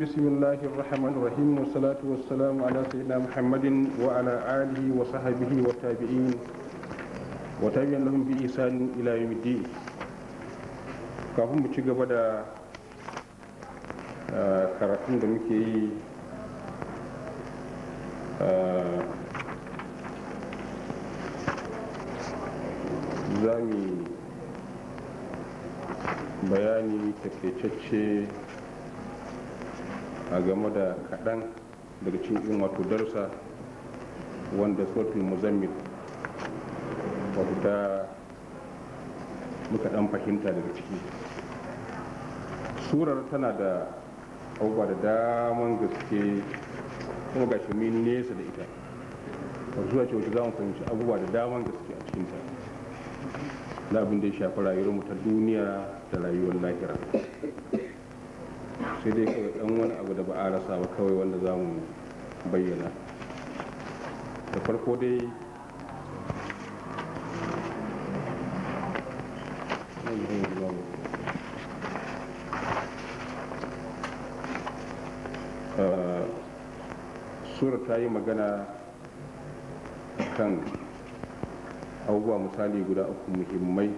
بسم الله الرحمن الرحيم والصلاة والسلام على سيدنا محمد وعلى آله وصحبه والتابعين وتابعين لهم بإحسان إلى يوم الدين kafin mu ci gaba da karatun da muke yi za mu bayani takaitacce a game da kaɗan daga cikin wato darsa wanda sautin muzammil wato ta muka ɗan fahimta daga ciki surar tana da abubuwa da daman gaske kuma ga min nesa da ita wasu zuwa ce za mu fahimci abubuwa da daman gaske a cikinta na abin da ya shafi rayuwar mu ta duniya da rayuwar lahira sai dai kawai dan wani abu da ba a rasa ba kawai wanda za mu bayyana da farko dai eh, sura ta yi magana kan abubuwa misali guda uku muhimmai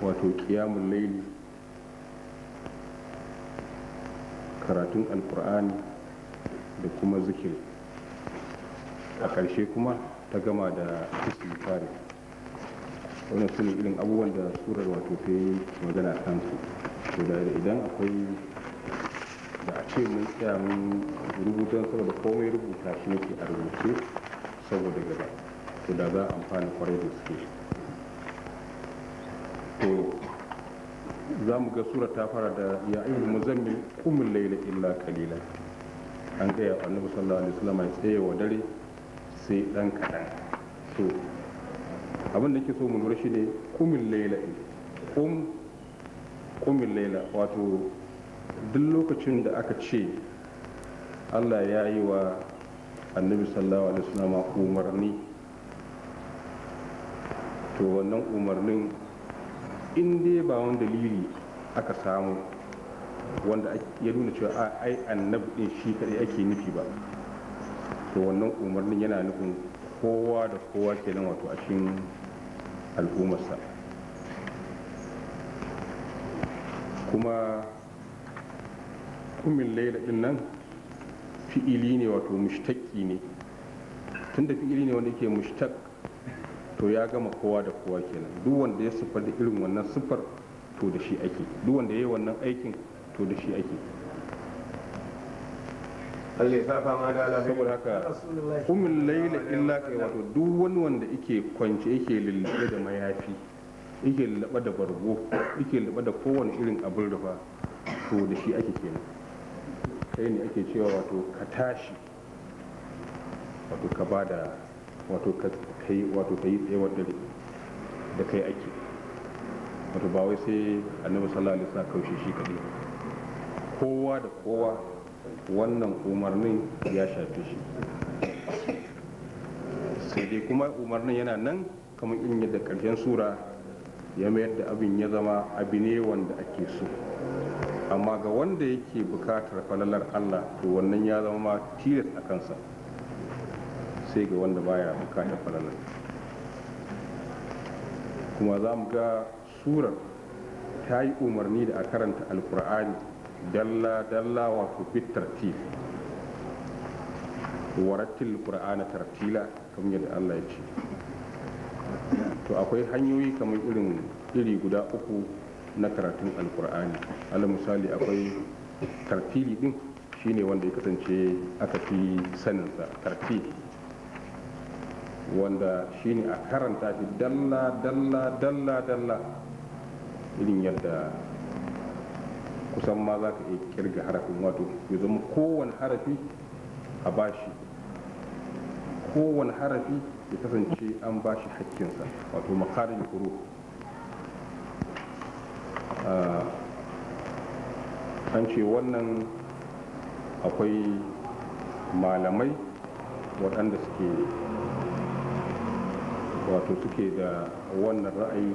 wato kiyamun laili karatun alkur'ani da kuma zikiri a ƙarshe kuma ta gama da istighfari wannan su ne irin abubuwan da surar wato ta yi magana kan su to da idan akwai da a ce mun tsaya mun rubutan saboda komai rubuta shi ke a rubuce saboda gaba to da za a amfani kwarai da suke to za mu ga sura ta fara da ya ayyul muzammil qumul layla illa qalila an ga ya annabi sallallahu alaihi wasallam ya tsaye wa dare sai dan kadan so abin da yake so mu lura shine qumul layla qum qumul layla wato duk lokacin da aka ce Allah ya yi wa annabi sallallahu alaihi wasallam umarni to wannan umarnin in dai ba wani dalili aka samu wanda ya nuna cewa a ai annabi din shi kadai ake nufi ba to wannan umarnin yana nufin kowa da kowa kenan wato a cikin al'ummarsa kuma kumin laila din nan fi'ili ne wato mushtaki ne tunda fi'ili ne wanda yake mushtaq to ya gama kowa da kowa kenan duk wanda ya siffa da irin wannan siffar to da shi ake duk wanda ya yi wannan aikin to da shi ake saboda haka kumin laila illa kai wato duk wani wanda ike kwance ike lullube da mayafi ike lullube da bargo ike lullube da kowane irin abin rufa to da shi ake kenan kai ne ake cewa wato ka tashi wato ka bada wato ka. ta yi wato ta yi tsayawar dare da kai ake wato ba wai sai annabi sallallahu alaihi wasallam kaushe shi kadai kowa da kowa wannan umarnin ya shafe shi sai dai kuma umarnin yana nan kamar in yadda karshen sura ya mayar da abin ya zama abu ne wanda ake so amma ga wanda yake bukatar falalar allah to wannan ya zama tilas a kansa sai ga wanda baya bukatar falalar kuma za mu ga surar ta yi umarni da a karanta alkur'ani dalla-dalla wato bit tartil al'kur'ani tartila kamar yadda Allah ya ce to akwai hanyoyi kamar irin iri guda uku na karatun alkur'ani ala misali akwai tartili din shine wanda ya kasance aka fi saninsa tartili wanda shine a karanta shi dalla dalla dalla dalla irin yadda kusan ma za ka iya kirga harafin wato ya zama kowane harafi a bashi kowane harafi ya kasance an bashi hakkinsa wato makarin kuro ah, an ce wannan akwai malamai waɗanda suke wato suke da wannan ra'ayi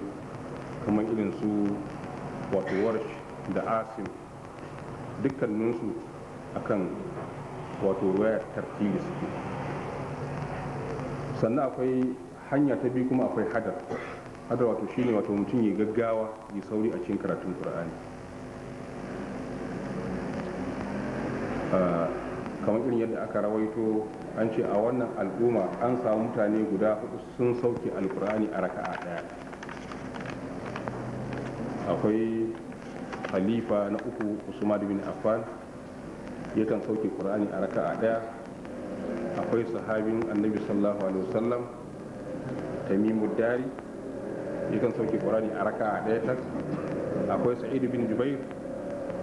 kamar irin su wato warsh da asim dukkaninsu akan wato wayar tartili suke sannan akwai hanya ta biyu kuma akwai hadar hadar wato shine wato mutum ya gaggawa ya sauri a cikin karatun qur'ani ah, kamar irin yadda aka rawaito an ce a wannan al'umma an samu mutane guda hudu sun sauke alkur'ani a raka'a daya akwai khalifa na uku usman bin affan yakan sauke qur'ani a raka'a daya akwai sahabin annabi sallallahu alaihi wasallam tamimu dari yakan sauke qur'ani a raka'a daya tak akwai sa'id bin jubair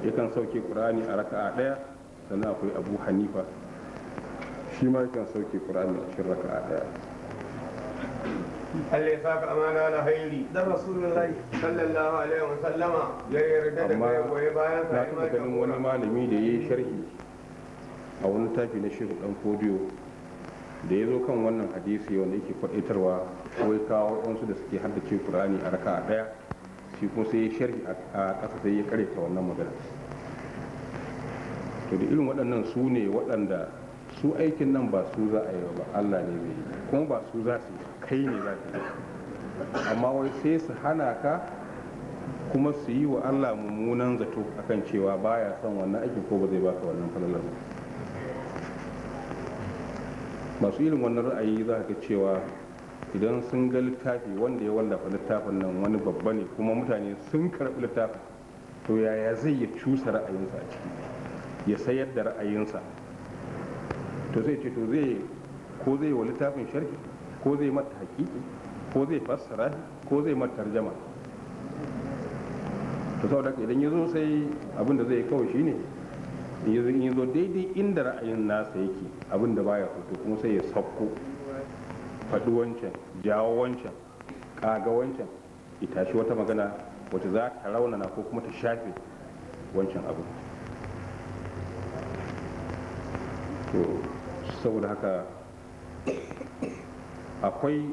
yakan sauke qur'ani a raka'a daya sannan akwai abu hanifa shi ma kan sauke qur'ani cikin raka'a daya Allah ya saka amana na hairi da Rasulullahi sallallahu alaihi wa sallama ya yarda da kai goye bayan sa imani da wani malami da yayi sharhi a wani tafi na shehu dan kodiyo da yazo kan wannan hadisi wanda yake kwadaitarwa wai kawo wasu da suke haddace qur'ani a raka'a daya shi kuma sai ya sharhi a ƙasa sai ya kare ta wannan magana to da irin waɗannan su ne waɗanda su aikin nan ba su za a yi ba allah ne mai kuma ba su za su yi kai ne za su yi amma wai sai su hana ka kuma su yi wa allah mummunan zato akan cewa baya son wannan aiki ko ba zai baka wannan falalar ba masu irin wannan ra'ayi za ka cewa idan sun ga littafi wanda ya wallafa littafin nan wani babba ne kuma mutane sun karɓi littafin to yaya zai ya cusa ra'ayinsa a ciki ya sayar da ra'ayinsa to sai ce to zai ko zai wa littafin sharhi ko zai mata hakiki ko zai fassara ko zai mata tarjama to saboda idan ya zo sai abin da zai kawai shine in ya zo daidai inda ra'ayin nasa yake abin da baya fito kuma sai ya sauko faɗi wancan jawo wancan ƙaga wancan ita shi wata magana wata za ta raunana ko kuma ta shafe wancan abin saboda haka akwai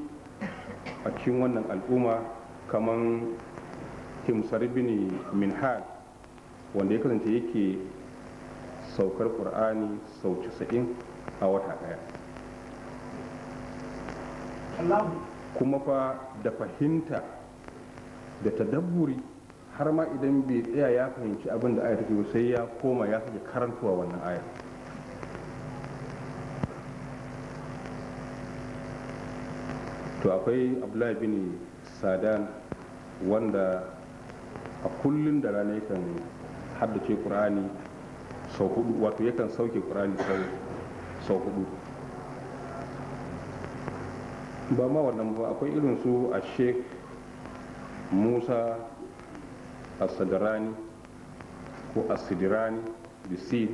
a cikin wannan al'umma kamar himsar bini minhal wanda ya kasance yake saukar ƙur'ani sau 90 a wata ɗaya kuma fa da fahimta da tadabburi har ma idan bai tsaya ya fahimci abin da aya take sai ya koma ya sake karantuwa wannan ayar to akwai abdullahi bin sadan wanda a kullum da rana yakan haddace ƙur'ani sau hudu wato yakan sauke ƙurani sau hudu ba ma wannan ba akwai irin su a shek musa a sadarani ko a sidirani bisir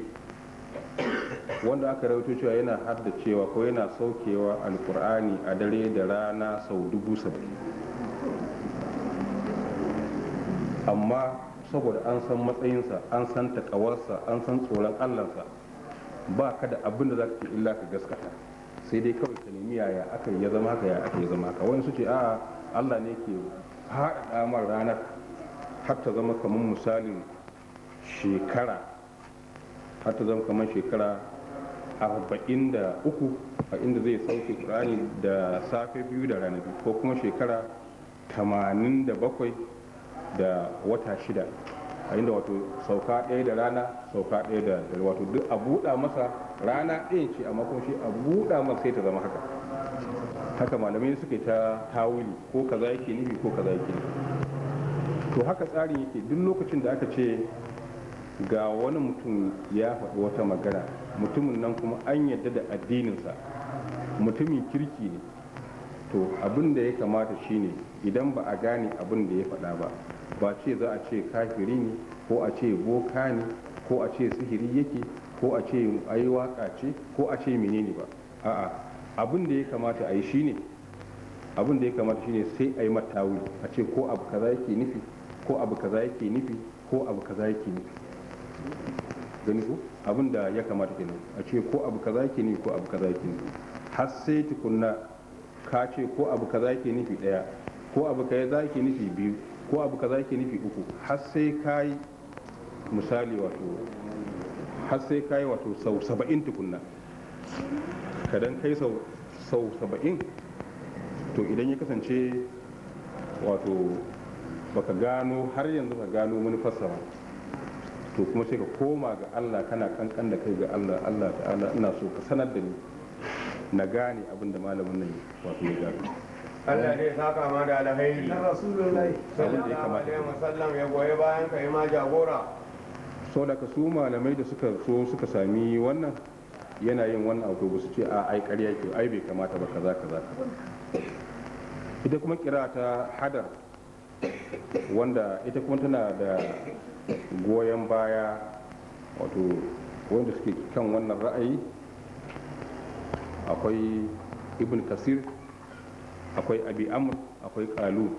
wanda aka rawaito cewa yana haddacewa ko yana saukewa alkur'ani a dare da rana sau dubu saba'in amma saboda an san matsayinsa an san takawarsa an san tsoron allansa ba ka da abin da za ka ce illa ka gaskata sai dai kawai ka nemi yaya aka ya zama ka ya aka ya zama ka wani su ce a allah ne ke haɗa damar ranar har ta zama kamar misalin shekara har ta zama kamar shekara arba'in da uku a inda zai sauke ƙur'ani da safe biyu da rana biyu ko kuma shekara tamanin da bakwai da wata shida a inda wato sauka ɗaya da rana sauka ɗaya da dare wato duk a buɗa masa rana ɗaya ce amma kuma shi a buɗa masa sai ta zama haka haka malamai suke ta tawuli ko kaza yake nufi ko kaza yake nufi to haka tsarin yake duk lokacin da aka ce ga wani mutum ya faɗi wata magana mutumin nan kuma an yadda da addininsa mutumin kirki ne to abin da ya kamata shine idan ba a gane abin da ya faɗa ba ba ce za a ce kafiri ne ko a ce boka ne ko a ce sihiri yake ko a ce ayi waka ce ko a ce menene ba a'a abin da ya kamata a yi shine abin da ya kamata shine sai a yi matawuli a ce ko abu kaza yake nufi ko abu kaza yake nufi ko abu kaza yake nufi gani ko abin da ya kamata ke nan a ce ko abu kaza ke ne ko abu kaza ke ne har sai tukunna ka ce ko abu kaza ke nufi daya ko abu kaza ke nufi biyu ko abu kaza ke nufi uku har sai ka yi misali wato har sai ka yi wato sau saba'in tukunna kadan kai sau sau saba'in to idan ya kasance wato baka gano har yanzu ka gano manufarsa ba to kuma sai ka koma ga Allah kana kankan da kai ga Allah Allah ta'ala ina so ka sanar da ni na gane abin da malamin nan wato ya gano Allah ne saka ma da na rasulullahi sallallahu alaihi wasallam ya goye bayan ma jagora da ka su malamai da suka so suka sami wannan yana yin wannan abu ba su ce a ai ƙarya ke ai bai kamata ba kaza kaza ita kuma kira ta hadar wanda ita kuma tana da goyon baya wato wanda suke kan wannan ra'ayi akwai ibn kasir akwai abi amr akwai kalu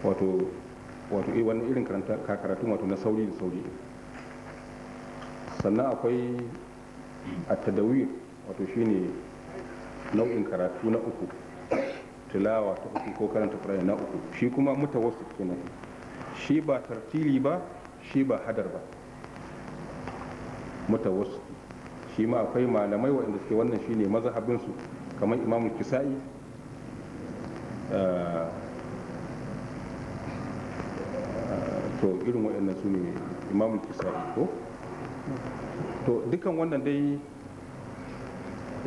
wato wato eh, wani irin karatun wato na sauri da sauri sannan akwai a tadawir wato shine nau'in karatu na uku tilawa ta uku ko karanta na uku shi kuma mutawassit kenan shi ba tartili ba shi ba hadar ba mutawassit shi ma akwai malamai waɗanda suke wannan maza mazhabinsu kamar imamu kisa'i eh, to irin waɗannan su ne imamu kisa'i ko to dukan wannan dai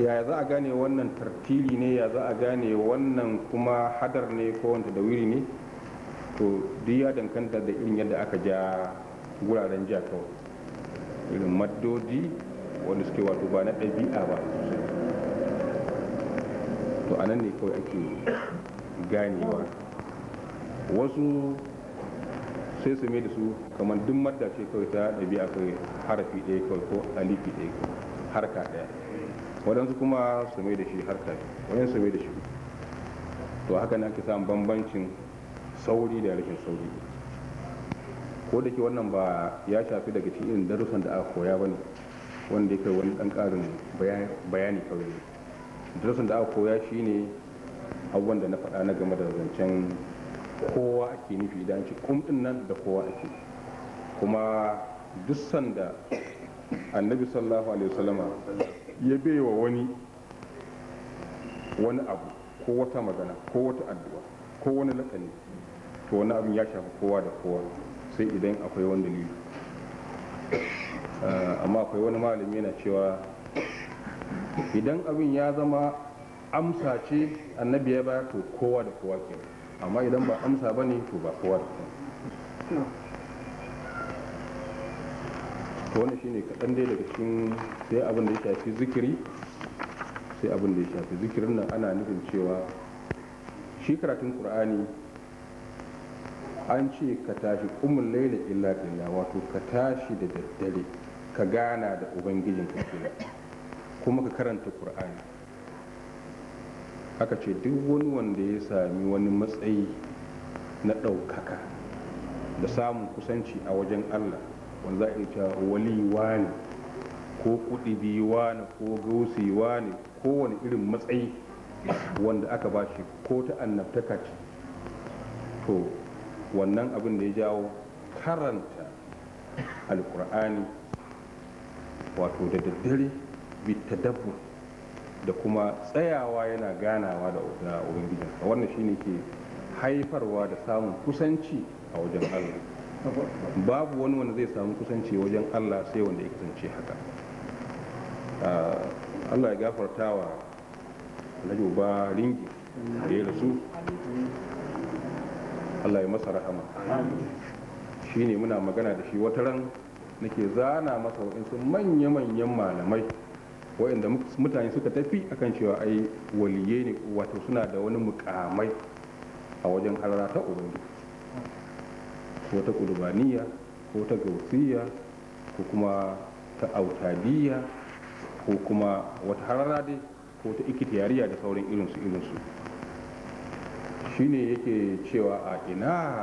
ya za a gane wannan tartili ne ya za a gane wannan kuma hadar ne ko wanda da wuri ne to duk ya danganta da irin yadda aka ja guraren ja kawai irin maddodi wanda suke wato ba na ɗabi'a ba to anan ne kawai ake ganewa wasu sai su mai da su kamar duk madda ce kawai ta ɗabi'a kawai harafi ɗaya kawai ko alifi ɗaya harka ɗaya waɗansu kuma su mai da shi harka waɗansu su mai da shi to haka na ake samun bambancin sauri da rashin sauri ko da ke wannan ba ya shafi daga cikin darussan da aka koya ba wanda ya kai wani dan karin bayani kawai ne darussan da aka koya shine abubuwan da na faɗa na game da zancen kowa ake nufi idan ci kum din nan da kowa ake kuma duk sanda annabi sallallahu alaihi wasallama ya baiwa wani wani abu ko wata magana ko wata addu'a ko wani lakani to wani abin ya shafi kowa da kowa sai idan akwai wani dalili eh, amma akwai wani malami yana cewa idan abin ya zama amsa ce annabi ya baya to kowa da kowa ke amma idan ba amsa ba ne to ba kowa da kowa wani shine kaɗan dai daga cikin sai abin da ya shafi zikiri sai abin da ya shafi zikirin nan ana nufin cewa shi karatun ƙur'ani an ce ka tashi umul laila illa illa wato ka tashi da daddare ka gana da ubangijin ka kuma ka karanta qur'ani aka ce duk wani wanda ya sami wani matsayi na ɗaukaka da samun kusanci a wajen allah wanda za a iya cewa waliwa ne ko kuɗibiwa ne ko gausiwa ne wani irin matsayi wanda aka ba shi ko ta annabtaka ce to wannan abin da ya jawo karanta alkur'ani wato da daddare bitadabbur da kuma tsayawa yana ganawa da ubangijinsa wannan shine ke haifarwa da samun kusanci a wajen allah babu wani wanda zai samu kusanci wajen allah sai wanda ya kasance haka ah, allah ya gafarta wa alhaji ba ringi da ya rasu Allah ya masa rahama ne muna magana da shi wata ran nake zana masa waɗansu manya-manyan malamai waɗanda mutane suka tafi akan cewa ai waliyai ne wato suna da wani mukamai a wajen harara ta ubangi ko ta kudubaniya ko ta gausiya ko kuma ta autadiya ko kuma wata harara dai ko ta ikitiyariya da sauran irinsu irinsu shine yake cewa a ina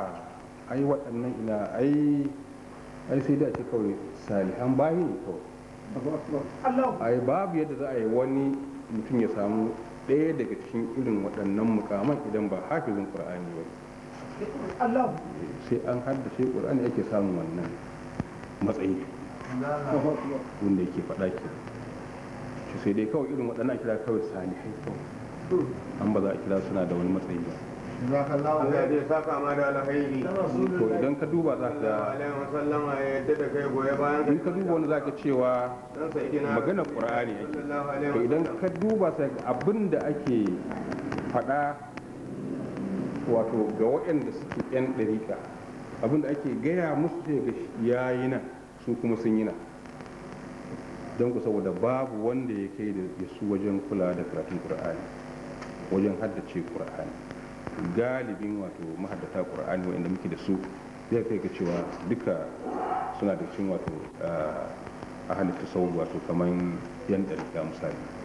ai waɗannan ina ai ai sai da ce kawai salihan bayi ne kawai ai babu yadda za a yi wani mutum ya samu ɗaya daga cikin irin waɗannan mukaman idan ba hafizin ƙur'ani ba sai an haddace ƙur'ani ake samun wannan matsayi wanda yake faɗa ke sai dai kawai irin waɗannan kira kawai salihai kawai an ba za a kira suna da wani matsayi ba Allah zai saka ma da alkhairi to idan ka duba za ka in ka duba wani za zaka cewa maganar qur'ani to idan ka duba sai abinda ake faɗa wato ga waɗanda suke yan ɗariƙa abinda ake gaya musu sai ga yi nan su kuma sun yi nan don ku saboda babu wanda ya kai da su wajen kula da karatun qur'ani wajen haddace qur'ani galibin wato mahaddata qur'ani wanda muke da su zai kai ga cewa duka suna da cin wato ah, ahalin tasawuf wato kaman yan dalika misali